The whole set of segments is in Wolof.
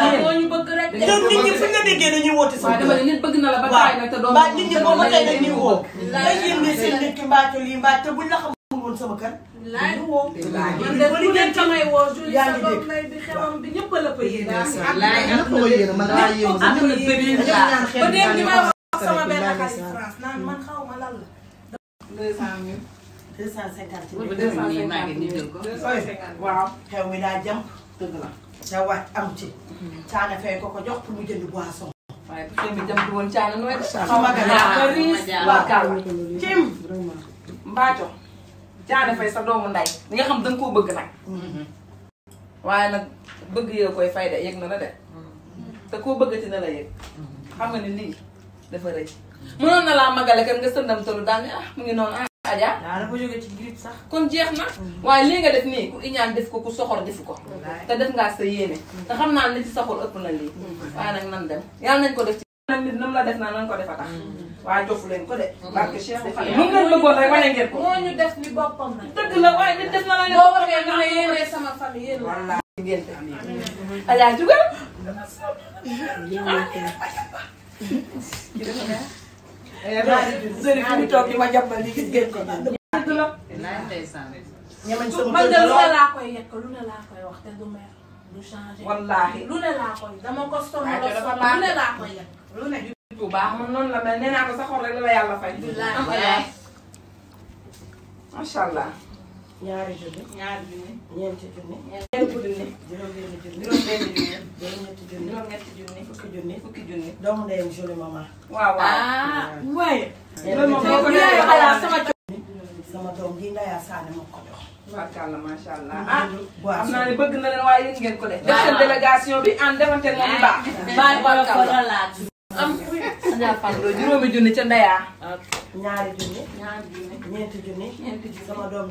ñoo ñu bëgg rek. fu ne seen nit ki mbaa sama kër. naan man xaw ma lan la ca wàcc am ci. caana fay ko ko jox pour mu jënd boisson. waaye bu fekkee dem du woon sa doomu nday li nga xam da koo bëgg nag. Mm-hmm. waaye nag bëgg yee koy fay de yëg na la de. Mm-hmm. te koo bëggati na la yëg. xam nga ni lii dafa rëy. mënoon na laa magale kan nga sëndam tollu daal ah, mu ngi noonu ah. Adja dafa jóge sax. kon jeex na. Mm-hmm. waaye lii nga def def ko ku soxor def ko. te def ngaa sa yéene. Mm-hmm. xam naa ne ci soxor ëpp na lii. Mm-hmm. waaye nag nan dem yàlla nañ ko def ci. la def naa nan ko defa tax. waaye leen ko de. barke Cheikh mu ngeen bëggoon rek wane ngeen ko. moo ñu def ni boppam jugal. sëriñ fi mu toog di ma jàppal di gis ngeen ko naan. man de lu ne laa koy yekk lu ne laa koy wax te du mer du changé. wallaahi lu ne laa koy dama ko sonn lu ne laa koy yekk lu ne. bu baax man noonu la mel nee naa ko sa xol la la yàlla fay. macha allah. ñaari junni. ñaari junni. ñeenti junni. ñeenti junni. juróom-benni junni. juróom-benni junni. juróom-ñetti junni. juróom-ñetti junni. fukki junni. fukki junni. doomu ndeyam jolie maman. waaw waaw. Ah, waaye. loolu moom mooy xalaat sama. sama doom ji Ndaya Sané moo ko jox. macha macha allah ah. am naa ne bëgg na leen waaye yéen ngeen ko def. def seen délégation bi en defante moom bu baax. bàyyi ko ko relax. am juróomi junni ca Ndaya. ñaari junni. ñaari junni. ñeenti junni. ñeenti junni sama doom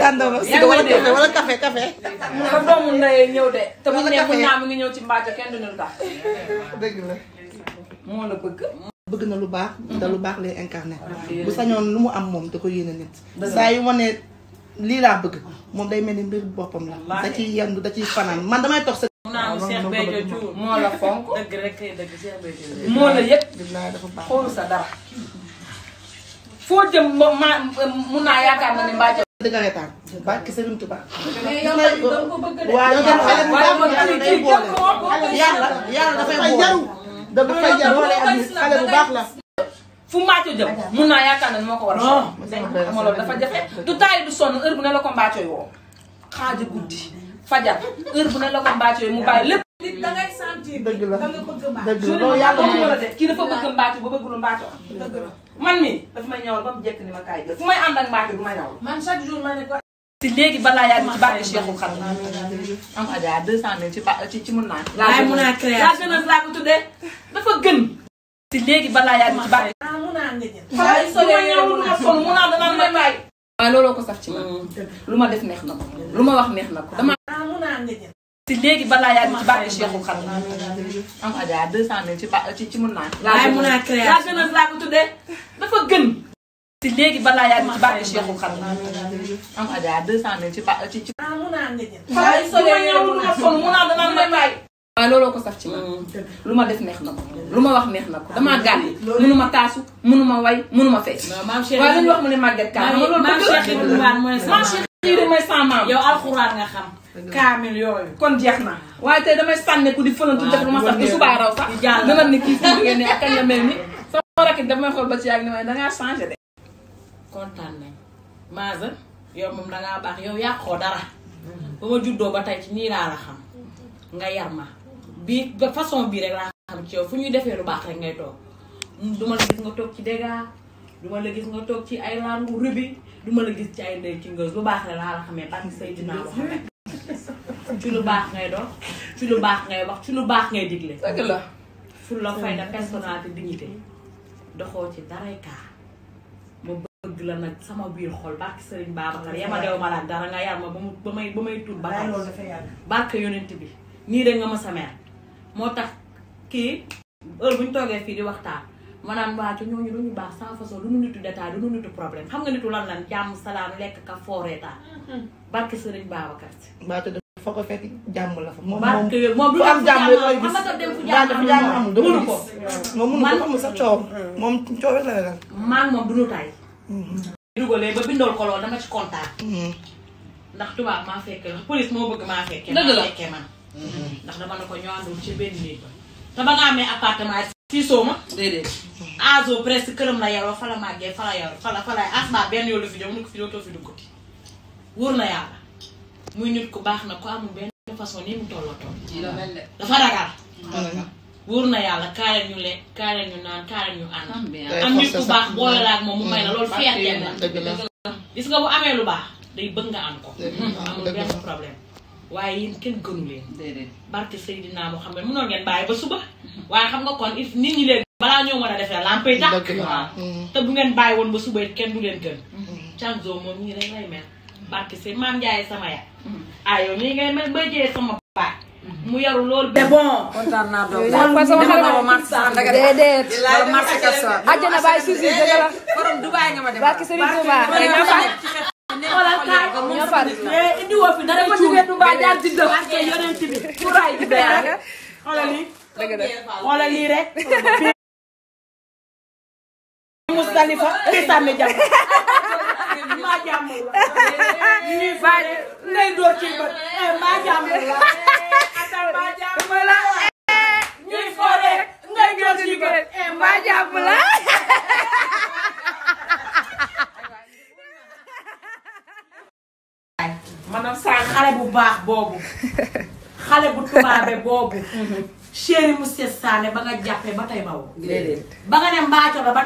daan doon si wala café wala café café. sa doomu ndey ñëw de. te bu ne bu ngi ñëw ci mbaajo kenn du ñu tax. la. moo la bëgg. na lu baax. te lu baax lay incarné. Ah, bu sañoon lu mu am moom da ko yéene nit. saa yu wane lii laa bëgg moom day mel ni mbir boppam la. da ciy yendu da fanaan man damay toog sa. moo la fonk. moo la yëg. xoolu sa dara. foo jëm ma ma mun naa yaakaar na ne mbaa jëm. dëgg la reetaan da nga ko bëgg de. moo a loolu dafa jafe du taay du sonn heure bu ne la ko mbaaco yi guddi fajar heure bu ne la ko mbaaco mu bàyyi lépp. dëgg la da nga bëgg mbaac dëgg la yàlla moom la de kii dafa bëgg mbaac ba bëggul mbaac dëgg la man mi daf may ñëwal ba mu jekk ni ma kaay jël fu may ànd ak mbaac du ma ñëwal man chaque jour ma ne ko si léegi balaa yaa ngi ci bàqee Cheikhul Khadim am Adja 200000 ci ba ci ci mun naa laay mun naa créer laa gën a laa ko tuddee dafa gën si léegi balaa yaa ngi ci bàqee ah, mun naa nga jël waaye solo yow mun naa sol mun naa danaan may waaye looloo ko sax ci man lu ma def neex na ko lu ma wax neex na ko dama ah, mun naa nga jël ci léegi balaa yaa ngi ci bàq Cheikhul Khadim. am Adja 200000 ci ba ci ci mun naa. laay mun naa créé laa gën a laa ko tuddee dafa gën. ci léegi balaa yaa ngi ci bàq Cheikhul Khadim. am Adja 200000 ci ba ci ci. ah mun naa ngeen. waaye soo ñëw mun naa sol mun naa danaa may bàyyi. waaye looloo ko saf ci man. lu ma def neex na ko. lu ma wax neex na ko damaa gàll. mënu ma taasu mënu ma way mënu ma fecc. waaye lu ñu wax mu ne Maguette Ka. maam Cheikh Ibrahima mooy sa maam yow alxuraan nga xam kaamil yooyu kon jeex na waaye tey damay sànne ku di fëlantu def lu ma sax di subaa raw sax dama ni kii si ngeen ne ak kañ la mel ni sama rakk damay xool ba ci dangaa changé de kontaan nañ Maza yow moom dangaa baax yow yàqoo dara ba ma juddoo ba tey ci nii laa la xam nga yar ma bii ba façon bii rek laa xam ci yow fu ñuy defee lu baax rek ngay toog duma la gis nga toog ci déga duma la gis nga toog ci ay langu rubi duma la gis ci ay ndey ci ngës lu baax rek laa la xamee barki say dinaa ci lu baax ngay dox ci lu baax ngay wax ci lu baax ngay digle. dëgg la. ful la bi personnalité dignité doxoo ci daray kaa ma bëgg la nag sama biir xol barke Serigne Babacar ba mu ba may ba may ba loolu bi nii rek nga ma sa moo tax kii heure bu ñu toogee fii di waxtaan maanaam waa ci ñooñu duñu baax sans façon du ñu nitu détail du ñu nitu problème xam nga nitu lan lan jàmm salaam lekk ka fooreetaan barke Sëriñ Babacar Si. Mbathio de foo ko fekk jàmm la fa. moom moom du am jàmm rek lay gis Mbathio fi jàmm amul mënu ko moom mënu ko coow. moom coow rek la la dal. maa moom du ñu tay. Mm-hmm. ba bindool ko lool dama ci kontaan. Mm-hmm. ndax tubaab maa fekkee ndax police moo bëgg maa fekkee. la maa fekkee man. Mm-hmm. ndax dama ne ko ñoo àndul ci benn néeg ba. te ba nga amee appartement si sooma déedéet azo presque këram la yaroo fa màggee fa yaroo fa la fa ah, benn yoon la fi ñëw nu ko fi dootoo fi duggati. wóor na yàlla muy nit ku baax na ko amul benn façon ni mu tolloo toll. dafa ragal. wóor na yàlla kaareel ñu lekk kaareel ñu naan kaareel ñu ànd. am nit ku baax boole la mu may la loolu fierté nga bu amee lu baax day bëgg nga am ko. amul problème. waaye yéen kenn gënu leen. déedéet barke Seydina Muhammad mënoon ngeen bàyyi ba suba. waaye xam nga kon if nit ñoo mën a defee lampay tàkk. te bu ngeen bàyyi woon ba suba it kenn du leen gën. Mm-hmm. Canzo moom ñii rek lay mel. barke si maam Ndiaye sama yaay. ah yow nii ngay may bëjee sama baay. mu yaru loolu mais bon. kontaan naa doon parce que dama doon marché sax dëgg la déedéet. wala marché kese la. àjjana bàyyi suuf si dëgg la. borom Dubaay nga ma dem. barke Serigne Touba ñoo fa ñoo fa. indi woo fi dara jógee Dubaay daal di dëkk. parce que yonent bi pour ay bi xoolal lii. dëgg la xoolal lii rek. Moustalifa Tissane Diagne. mbaa la. mbaa ngay door ci saa xale bu baax boobu. xale bu tubaabe boobu. chéri monsieur Sané ba nga jàppee ba tey ba nga ne mbaa coro ba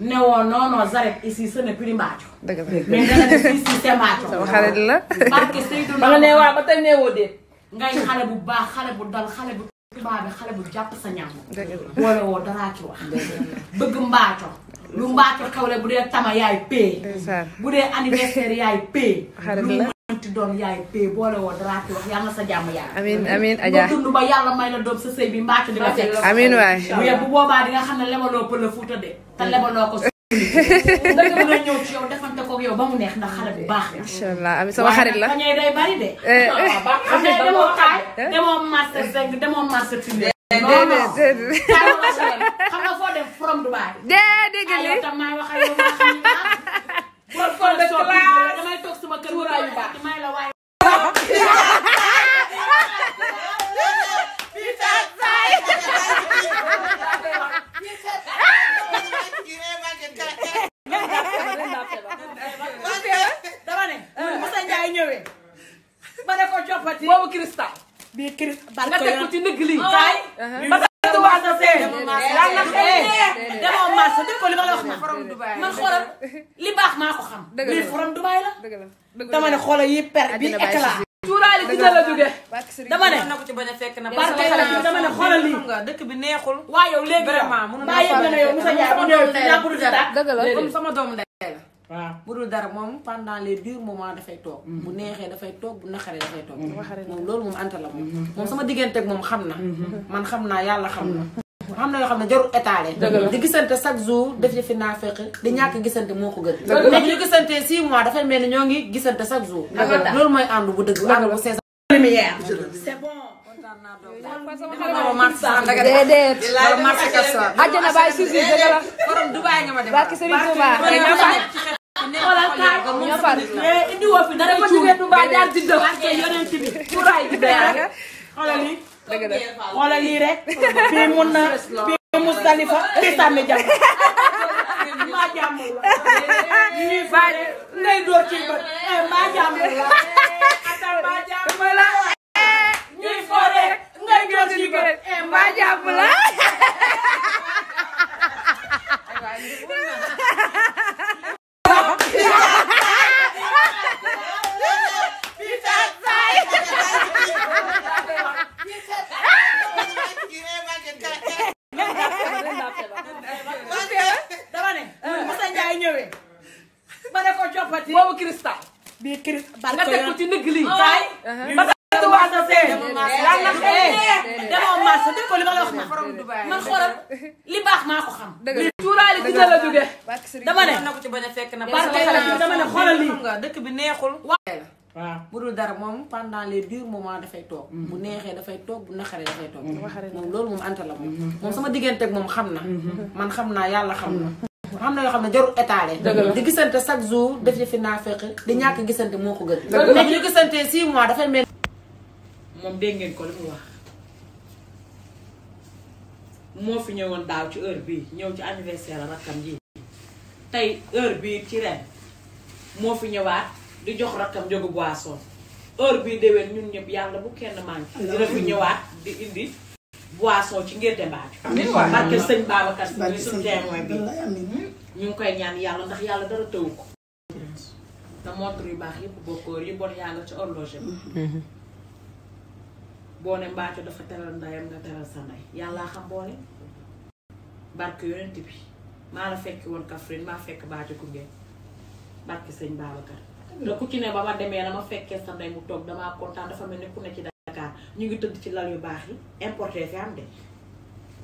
ne woon non non j'arrête ici ce n'est plus mbaaco. dëgg la mais dana ne fii si c'est mbaaco. sama ba nga ne waaw ba tey neewoo de. ngay xale bu baax xale bu dal xale bu tubaab bi xale bu jàpp sa ñam. dëgg woo daraa ci wax. bëgg mbaaco. lu mbaaco xewle bu dee tama yaay pay. bu dee anniversaire yaay pay. xale manti doon yaay téye boole woon dara ci wax yàlla na sa jàmm yaay. amiin amiin Adja dund ba yàlla may la doom sa sëy bi mbaa ci di la fekk. amiin waay mais bu boobaa di nga xam ne lebaloo pël la fuuta de te lebaloo ko. dëgg la nga ñëw ci yow defante koog yow ba mu neex ndax xale bu baax. incha allah amiin sama xarit la waaye nag day bari de. Eh. Ah, xam ne demoo taay eh. demoo master zeng demoo master tunnel. Eh, non non xam nga foo dem from Dubai. déedéet gën a. aywa tam maa wax ak yow maa xam demoo marché def ko li ma la wax ma man xoolal li baax maa ko xam. dëgg la lii forom Dubaay la. dëgg la bi éclat. cuuraali ci la jóge dama ne na ko a fekk na barke la ci dama ne xoolal nga dëkk bi neexul waaw yow léegi vraiment mun naa yëg moom pendant dafay toog mm-hmm. bu neexee dafay toog bu naqaree dafay toog mm-hmm. moom loolu moom anta la moom mm-hmm. moom sama diggante ak moom xam na man xam naa yàlla xam na xam na yoo xam ne jarul étaler di gisante chaque jour def yëfi naa fekk di ñàkk gisante moo ko gën léegi gisante 6 mois dafay mel ni ñoo ngi gisante chaque jour loolu mooy ànd bu dëgg ànd bu sees première c'est bon déedéet àjjana bàyyi susi dëgg la borom Dubaay di dëkk yonent dëgg la xoolal lii rek fii mun na fii Musdalifa fii sànni jàmm maa jàmmul la ñuy bàyyi ngay door ci bët eh, maa jàmmul la eh, ko li ma la wax ma man xoolal li baax naa ko xam. dëgg la tuuraale ci la jóge dama ne na ko ci bañ a fekk na. dama ne xoolal lii dëkk bi neexul. waaw bu dul dara moom pendant les durs moments dafay toog. Mm-hmm. bu neexee dafay toog bu naxaree dafay toog. Mm-hmm. moom loolu moom anta la mm-hmm. moom. sama digganteeg moom xam na. man xam naa yàlla xam na. xam na yoo xam ne jarul étalé. di gisante chaque jour def fi naa fekk di ñàkk gisante moo ko gën. dëgg la mais ñu gisante 6 mois dafay mel. moom dégg ko li mu wax. moo fi ñëwoon daaw ci heure bii ñëw ci anniversaire rakkam ji tey heure bii ci ren moo fi ñëwaat di jox rakkam jógu boisson heure bii déwén ñun ñëpp yàlla bu kenn manqué dina fi ñëwaat di indi boisson ci ngénte mbaaju barke sëñ Babacar Si ñu suñ témoin bi ñu ngi koy ñaan yàlla ndax yàlla dara tëw ko te montre yu baax yëpp bokkoor yu bon yaa nga ci horloge bi boo ne mbaaco dafa teral ndayam nga teral sa ndey yàllaa xam boole barke yonent bi maa la fekki woon Kaffrine maa fekk mbaaco ku ngeen barke sëñ Babacar te ku ci ne ba ma demee rek dama fekkee sa ndey mu toog damaa kontaan dafa mel ni ku ne ci Dakar ñu ngi tëdd ci lal yu baax yi importé fi am de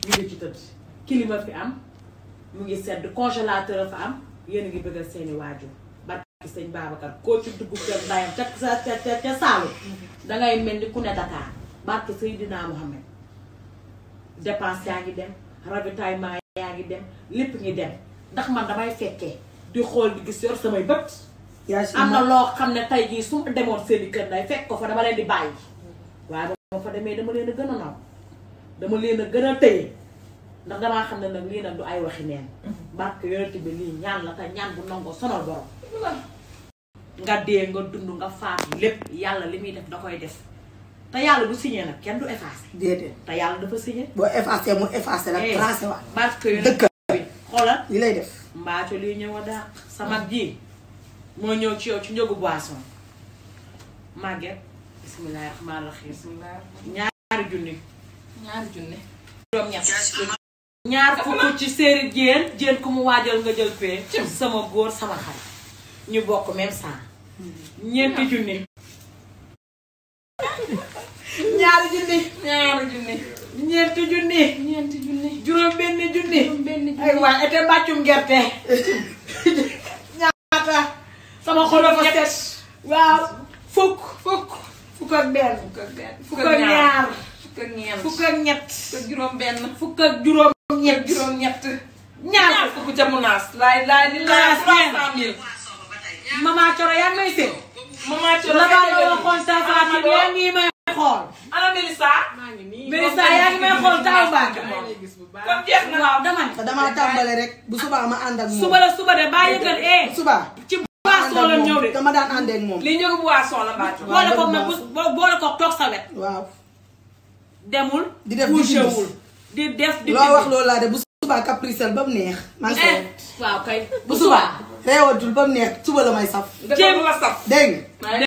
ñu ngi ci tëdd climat fi am mu ngi sedd congélateur fa am yéen ngi bëggal seeni waajur barke sëñ Babacar koo ci dugg kër ndayam ca ca ca mm-hmm. mel ni ku ne barke Seydina Mohamed dépense yaa ngi dem ravitaillement yaa ngi dem lépp ngi dem ndax man damay fekkee di xool di gis yor samay bët am na loo xam ne tey jii su demoon seeni kër day fekk ko fa dama leen di bàyyi waaye ba ma fa demee dama leen a gën a naw dama leen a gën a tëye ndax damaa xam ne nag lii nag du ay waxi neen barke yonent bi lii ñaan la te ñaan bu nangoo sonal borom nga dee nga dund nga faat lépp yàlla li muy def da koy def te yàlla bu signé nag kenn du effacé. déedéet te yàlla dafa signé. boo effacé mu effacé la eh, tracé waat. parce que dëkk xoolal li lay def. mbaaco luy ñëw a dàq. sama ji moo ñëw ci yow ci njëgu boisson màgget bisimilah rahmaani rahiim. ñaari junni. ñaari junni. ñaar fukk ci séeri jéen jéen ku mu waajal nga jël fee. sama góor sama xarit. ñu bokk même sang. Hmm. ñeenti junni. ñaari junni. ñaari junni. ñeenti junni. ñeenti junni. juróom benn junni. juróom benn gerte. ñaata. sama xol dafa fukk. fukk fukk ak benn. fukk ak benn fukk ak ñaar. fukk ak juróom benn. fukk ak juróom ñett. juróom ñett. ñaar fukk ca munaas. laay laay li laay trois cent mille. maman Coro yaa ngi may may xool. ana Mélissa. maa ngi nii Mélissa yaa ngi may xool taw Mbacke. kon jeex na waaw dama ne. damaa tàmbale rek bu subaa ma ànd ak moom. suba la suba de bàyyi ko eh. suba ci boisson la ñëw de. dama daan ànd ak moom. li ñu bu boisson la Mbacke. waaw boole ko nag bu boole ko toog sa wet. waaw. demul. di def di di loo wax loolu laa de bu subaa capricel ba mu neex. man eh, waaw kay bu subaa. reewatul ba mu neex suba la may saf. jéem la saf